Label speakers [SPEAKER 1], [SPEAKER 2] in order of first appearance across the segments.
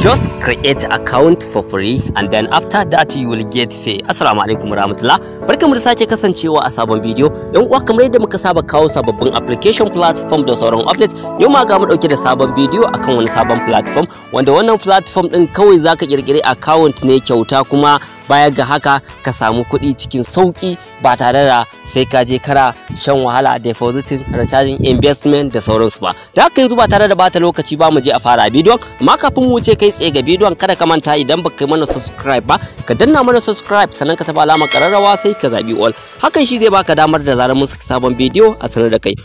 [SPEAKER 1] Just create account for free and then after that you will get fee. Assalamu alaikum warahmatullah. Barkamu da sake kasancewa a sabon bidiyo. Yan uwa kamar yadda muka saba kawo sababbin application platform da sauran update. yau ma ga mu dauke da sabon bidiyo akan wani sabon platform wanda wannan platform din kawai zaka kirkire account ne kyauta kuma baya ga haka ka samu kuɗi cikin sauƙi ba tare da sai ka je kara shan wahala depositing recharging investment da sauransu ba da haka yanzu ba tare da bata lokaci ba mu je a fara bidiyon amma kafin mu wuce kai tsaye ga bidiyon kada ka manta idan baka yi mana subscribe ba ka danna mana subscribe sannan ka taba alamar kararrawa sai ka zabi all hakan shi zai baka damar da zarar mun saki sabon bidiyo a sanar da kai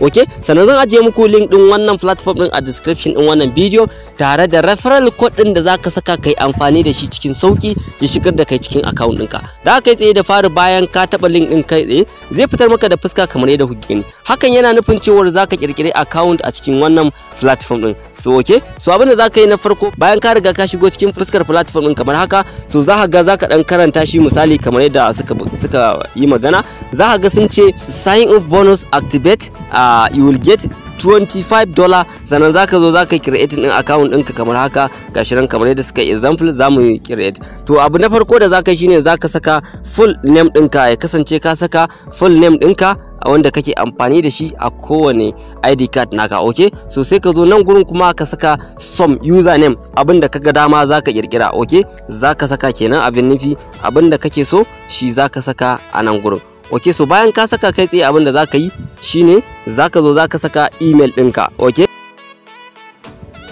[SPEAKER 1] ok sannan zan ajiye muku link ɗin wannan platform din a description din wannan bidiyo tare da referral code ɗin da zaka saka kai amfani da shi cikin sauki ya shigar da kai cikin account ɗinka da kai tsaye da fara bayan ka taba link din kai tsaye zai fitar maka da fuska kamar yadda kuke gani hakan yana nufin cewa zaka kirkire account a cikin wannan platform din so ok so abin da zaka yi na farko bayan ka riga ka shigo cikin fuskar platform din kamar haka so za ka ga zaka dan karanta shi misali kamar yadda suka suka yi magana za ka ga sun ce sign up bonus activate a Uh, you will get 25 dollar sannan zaka zo zaka creating din account ɗinka kamar haka gashi nan kamar yadda suka example za mu create to abu na farko da zaka shine zaka saka full name ɗinka ya kasance ka saka full name ɗinka wanda kake amfani da shi a kowane ID card naka okay so sai ka zo nan gurin kuma ka saka some username abinda ka ga dama zaka kirkira okay zaka saka kenan abin nufi abinda kake so shi zaka saka a nan gurin okay so bayan ka saka kai tsaye abinda zaka yi shine zaka zo zaka saka email ɗinka okay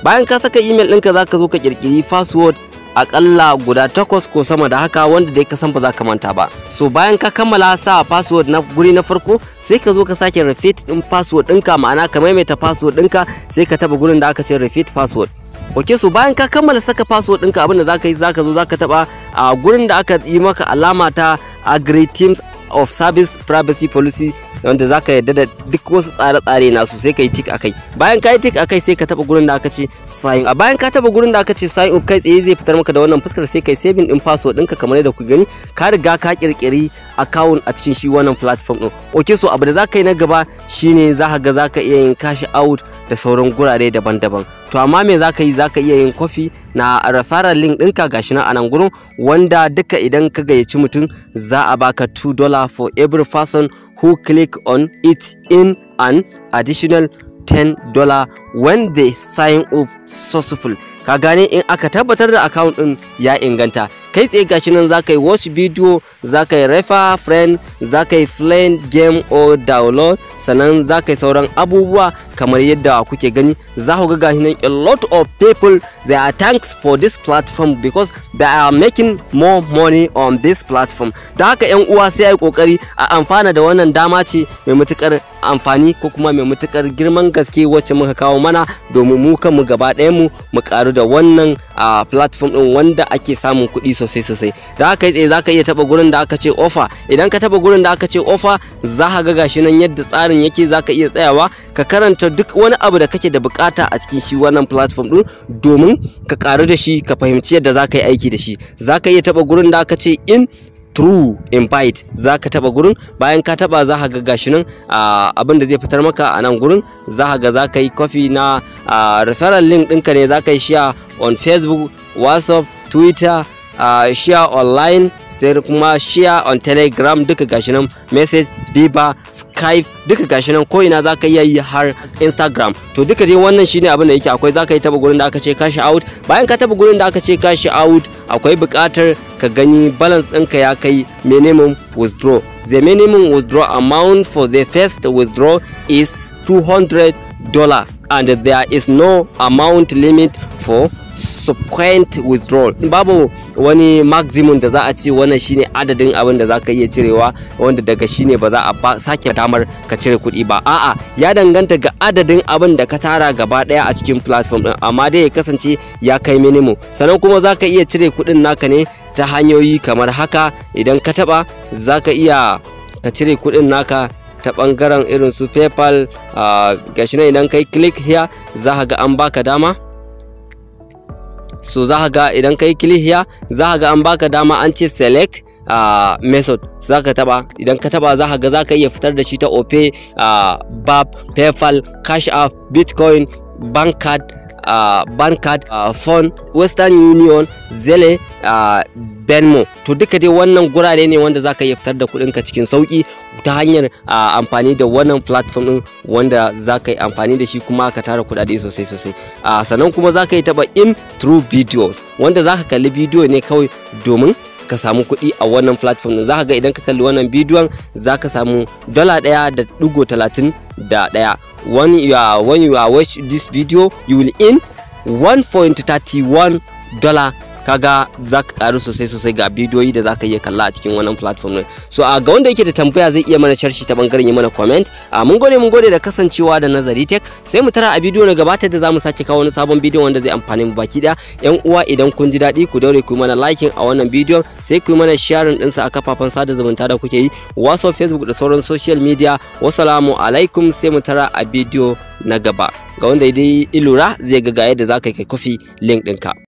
[SPEAKER 1] bayan ka saka email ɗinka zaka zo ka kirkiri password akalla guda takwas ko sama da haka wanda dai ka san ba za ka manta ba so bayan ka kammala sa password na guri na farko sai ka zo ka sake repeat din password ɗinka ma'ana ka maimaita password ɗinka sai ka taba gurin da aka ce repeat password ok so bayan ka kammala saka password ɗinka abinda za ka yi za ka zo za ka taba a gurin da aka yi maka alama ta agree teams of service privacy policy wanda ka yarda da duk wasu tsare-tsare nasu sai ka yi tik kai. bayan ka yi tik kai sai ka taba gurin da aka ce sign a bayan ka taba gurin da aka ce sign kai tsaye zai fitar maka da wannan fuskar sai ka yi saving din password ɗinka kamar yadda ku gani ka riga ka kirkiri account a cikin shi wannan platform ɗin okay so abu da ka yi na gaba shine zaka ga ka iya yin cash out da sauran gurare daban-daban to amma me zaka yi zaka iya yin kwafi na referral link ɗinka gashi nan a nan gurin wanda duka idan ka gayyaci mutum za a baka 2 dollar for every person who click on it in an additional 10 dollar when they sign up successful ka gane in aka tabbatar da account din ya inganta kai tsaye gashi nan za ka yi watch video za ka yi refer friend za ka yi play game or download sannan za ka yi sauran abubuwa kamar yadda kuke gani za ku ga gashi nan a lot of people they are thanks for this platform because they are making more money on this platform da haka yan uwa sai a yi kokari a amfana da wannan dama ce mai matukar amfani ko kuma mai matukar girman gaske wacce muka kawo mana domin mu kanmu gaba ɗaya mu mu karu da wannan a platform ɗin wanda ake samun kuɗi sosai sosai da yi tsaye za ka iya taɓa gurin da aka ce offer idan ka taɓa gurin da aka ce offer za ka ga gashi nan yadda tsarin yake ka iya tsayawa ka karanta duk wani abu da kake da bukata a cikin shi wannan platform ɗin, domin ka karu da shi ka fahimci yadda za ka yi aiki da shi Za ka iya taɓa gurin da aka ce in true invite za ka taba gurin bayan ka taba za ka ga gashi nan abin da zai fitar maka a nan gurin za ka ga za ka yi copy na referral link ɗinka ne za ka yi share on facebook whatsapp twitter uh, share online sai kuma share on telegram duka gashi nan message biba skype duka gashi nan ko ina zaka iya yi har instagram to duka dai wannan shine abin da yake akwai zaka yi taba gurin da aka ce cash out bayan ka taba gurin da aka ce cash out akwai buƙatar ka gani balance ɗinka ya kai minimum withdraw the minimum withdraw amount for the first withdraw is 200 dollar and there is no amount limit for subsequent withdrawal babu wani maximum da za a ce wannan shine adadin abin da za ka iya cirewa wanda daga shine ba za a sake damar ka cire kuɗi ba a'a ya danganta ga adadin abin da ka tara gaba ɗaya a cikin platform ɗin amma dai ya kasance ya kai minimum sannan kuma za ka iya cire kuɗin naka ne ta hanyoyi kamar haka idan ka taɓa za ka iya ka cire kuɗin naka ta ɓangaren irin su paypal ah, gashi nan idan kai click here za ka ga an baka dama so za ga idan ka yi click za ga an baka dama an ce select ah, method za ka taba idan ka taba za ga za ka iya fitar da shi ta ope a ah, bab paypal cash app bitcoin bank card ah, bank card phone western union zele Benmo, to duka dai wannan gurare ne wanda zaka iya fitar da kuɗinka cikin sauki ta hanyar amfani da wannan platform ɗin wanda zaka yi amfani da shi kuma ka tara kuɗaɗe sosai sosai sannan kuma zaka yi taɓa in through videos wanda zaka kalli bidiyo ne kawai domin ka samu kuɗi a wannan platform din zaka ga idan ka kalli wannan bidiyon zaka samu dala ɗaya da ɗigo talatin da ɗaya when you are when you are watch this video you will in 1.31 dollar kaga za ka karu sosai sosai ga bidiyoyi da za ka iya kalla a cikin wannan platform ne. so a ga wanda yake da tambaya zai iya mana sharshi ta bangaren yi mana comment a mun gode mun gode da kasancewa da nazari tech sai mu tara a bidiyo na gabata da zamu sake kawo wani sabon bidiyo wanda zai amfani mu baki daya yan uwa idan kun ji daɗi ku daure ku mana liking a wannan bidiyon sai ku yi mana sharing ɗinsa a kafafen sada zumunta da kuke yi whatsapp facebook da sauran social media wasalamu alaikum sai mu tara a bidiyo na gaba ga wanda dai ilura zai ga ga yadda za ka kai kofi link ɗinka